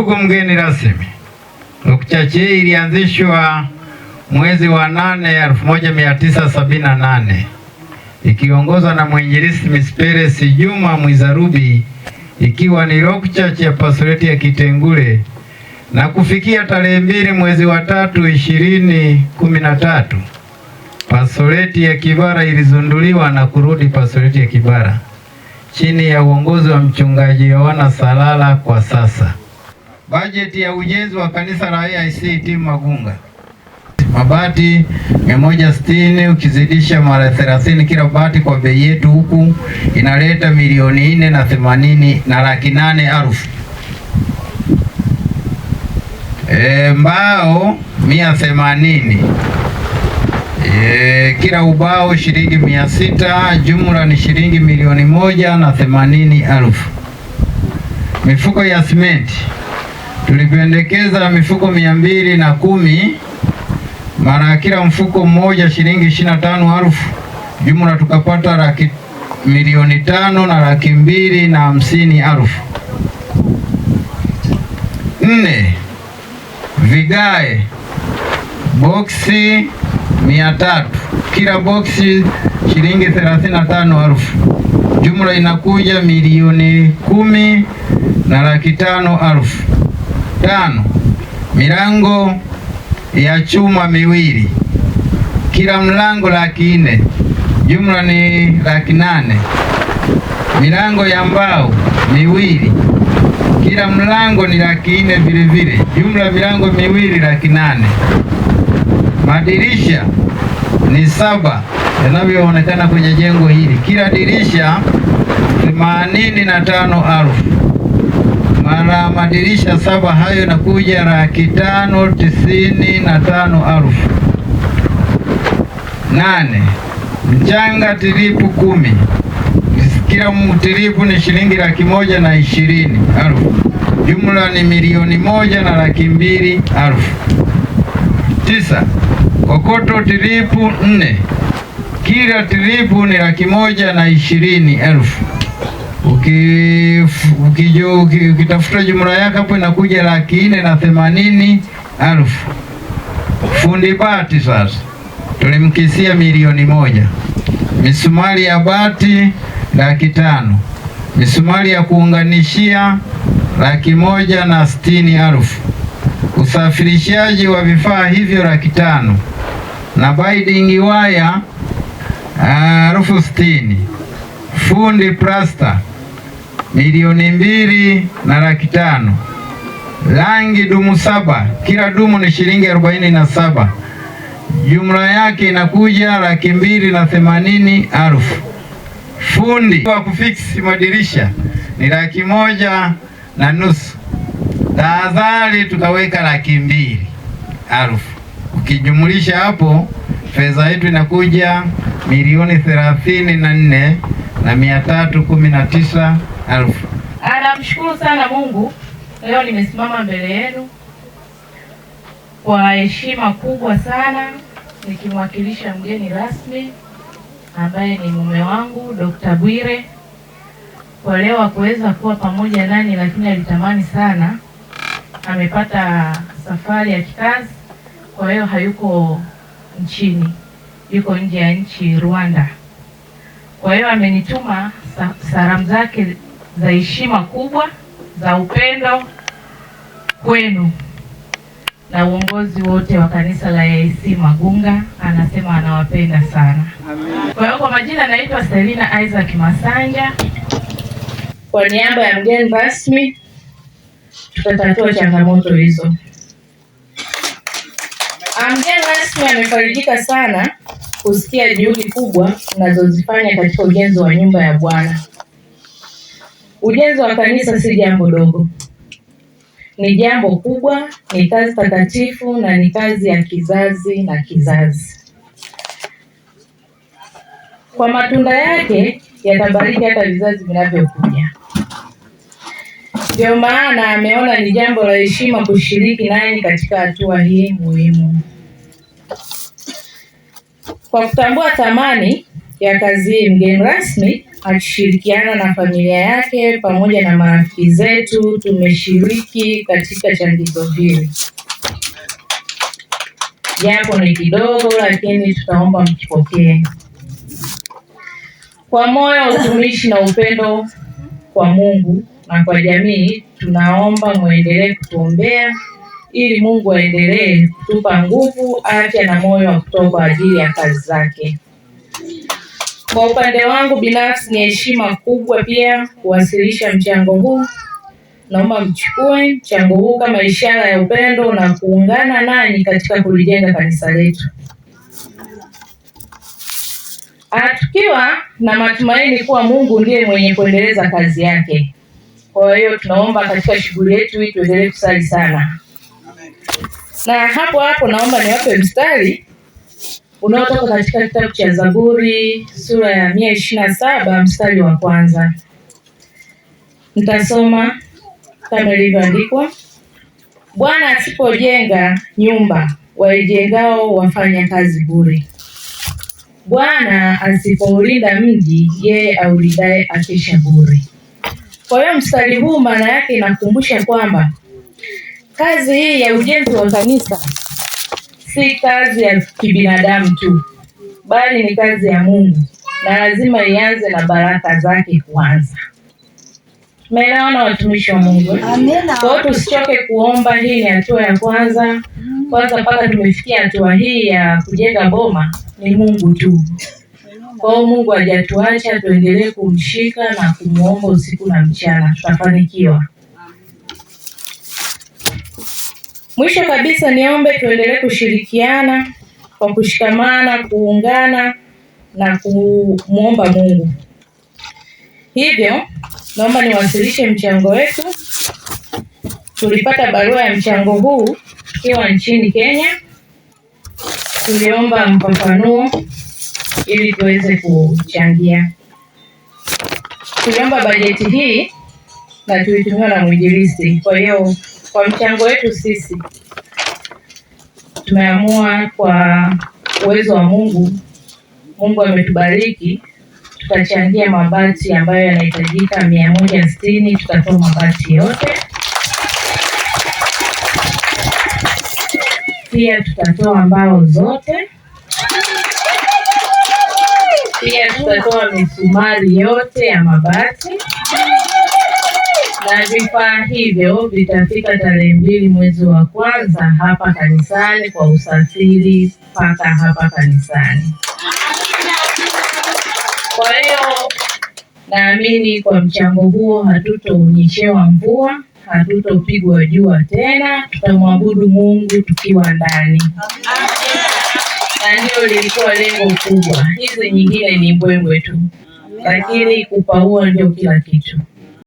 Ndugu mgeni rasmi, Okcha Che ilianzishwa mwezi wa nane 1978 ikiongozwa na mwinjilisti Misperesi Juma Mwizarubi ikiwa ni Rock Church ya Pastoreti ya Kitengule na kufikia tarehe mbili mwezi wa tatu ishirini kumi na tatu Pastoreti ya Kibara ilizunduliwa na kurudi Pastoreti ya Kibara chini ya uongozi wa Mchungaji Yohana Salala kwa sasa. Bajeti ya ujenzi wa kanisa la AIC timu Magunga, mabati 160 ukizidisha mara 30 kila bati kwa bei yetu huku inaleta milioni nne na themanini na laki nane elfu. E, mbao mia themanini e, kila ubao shilingi mia sita jumla ni shilingi milioni moja na themanini elfu. Mifuko ya simenti tulipendekeza mifuko mia mbili na kumi mara ya kila mfuko mmoja shilingi ishirini na tano elfu jumla tukapata laki milioni tano na laki mbili na hamsini elfu. Nne, vigae boksi mia tatu kila boksi shilingi thelathini na tano elfu jumla inakuja milioni kumi na laki tano elfu. Tano, milango ya chuma miwili, kila mlango laki nne, jumla ni laki nane. Milango ya mbao miwili, kila mlango ni laki nne vile, jumla milango miwili laki nane. Madirisha ni saba yanavyoonekana kwenye jengo hili, kila dirisha themanini na tano alfu mara madirisha saba hayo inakuja laki tano tisini na tano elfu nane. Mchanga tiripu kumi, kila mtilipu ni shilingi laki moja na ishirini elfu, jumla ni milioni moja na laki mbili elfu tisa. Kokoto tiripu nne, kila tiripu ni laki moja na ishirini elfu ukitafuta jumla yake hapo inakuja laki nne na themanini alfu. Fundi bati sasa tulimkisia milioni moja, misumari ya bati laki tano, misumari ya kuunganishia laki moja na sitini alfu, usafirishaji wa vifaa hivyo laki tano na baidingi waya eh, elfu sitini, fundi plasta milioni mbili na laki tano. Rangi dumu saba, kila dumu ni shilingi arobaini na saba, jumla yake inakuja laki mbili na themanini alfu. Fundi wa kufiksi madirisha ni laki moja na nusu. Tahadhari tutaweka laki mbili alfu, ukijumulisha hapo fedha yetu inakuja milioni thelathini na nne na mia tatu kumi na tisa Alfu. Anamshukuru ah, sana Mungu, leo nimesimama mbele yenu kwa heshima kubwa sana nikimwakilisha mgeni rasmi ambaye ni mume wangu Dr. Bwire. Kwa leo hakuweza kuwa pamoja nani, lakini alitamani sana, amepata safari ya kikazi, kwa hiyo hayuko nchini, yuko nje ya nchi Rwanda. Kwa hiyo amenituma salamu zake za heshima kubwa za upendo kwenu na uongozi wote wa kanisa la AIC Magunga, anasema anawapenda sana. Kwa hiyo kwa majina naitwa Selina Isaac Masanja, kwa niaba ya mgeni rasmi tutatatua changamoto hizo. Ah, mgeni rasmi amefarijika sana kusikia juhudi kubwa unazozifanya katika ujenzi wa nyumba ya Bwana. Ujenzi wa kanisa si jambo dogo, ni jambo kubwa, ni kazi takatifu na ni kazi ya kizazi na kizazi. Kwa matunda yake yatabariki hata vizazi vinavyokuja. Ndio maana ameona ni jambo la heshima kushiriki naye katika hatua hii muhimu, kwa kutambua thamani ya kazi, mgeni rasmi akishirikiana na familia yake pamoja na marafiki zetu tumeshiriki katika changizo hili, japo ni kidogo, lakini tutaomba mkipokee kwa moyo wa utumishi na upendo kwa Mungu na kwa jamii. Tunaomba mwendelee kutuombea ili Mungu aendelee kutupa nguvu, afya na moyo wa kutoa kwa ajili ya kazi zake. Kwa upande wangu binafsi, ni heshima kubwa pia kuwasilisha mchango huu. Naomba mchukue mchango huu kama ishara ya upendo na kuungana nanyi katika kulijenga kanisa letu. Ah, tukiwa na matumaini kuwa Mungu ndiye mwenye kuendeleza kazi yake. Kwa hiyo tunaomba katika shughuli yetu hii tuendelee kusali sana, na hapo hapo naomba niwape mstari unaotoka katika kitabu cha Zaburi sura ya mia ishirini na saba mstari wa kwanza. Nitasoma kama ilivyoandikwa: Bwana asipojenga nyumba, waijengao wafanya kazi bure. Bwana asipoulinda mji, yeye aulindaye akesha bure. Kwa hiyo mstari huu maana yake inakumbusha kwamba kazi hii ya ujenzi wa kanisa si kazi ya kibinadamu tu, bali ni kazi ya Mungu na lazima ianze na baraka zake kwanza. Tumeelewana watumishi wa Mungu? Kwa hiyo tusichoke kuomba. Hii ni hatua ya kwanza. Kwanza mpaka tumefikia hatua hii ya kujenga boma ni Mungu tu. Kwa hiyo Mungu hajatuacha, tuendelee kumshika na kumwomba usiku na mchana, tutafanikiwa. Mwisho kabisa, niombe tuendelee kushirikiana kwa kushikamana, kuungana na kumwomba Mungu. Hivyo naomba niwasilishe mchango wetu. Tulipata barua ya mchango huu ikiwa nchini Kenya, tuliomba mfafanuo ili tuweze kuchangia. Tuliomba bajeti hii na tulitumiwa na mwinjilisti, kwa hiyo kwa mchango wetu sisi tumeamua kwa uwezo wa Mungu, Mungu ametubariki, tutachangia mabati ambayo yanahitajika mia moja sitini, tutatoa mabati yote. Pia tutatoa mbao zote, pia tutatoa misumari yote ya mabati na vifaa hivyo vitafika tarehe mbili mwezi wa kwanza hapa kanisani kwa usafiri mpaka hapa kanisani. Kwa hiyo naamini kwa mchango huo hatutoonyeshewa mvua, hatutopigwa jua tena, tutamwabudu Mungu tukiwa ndani na ndio lilikuwa lengo kubwa. Hizi nyingine ni mbwembwe tu, lakini kupaua ndio kila kitu.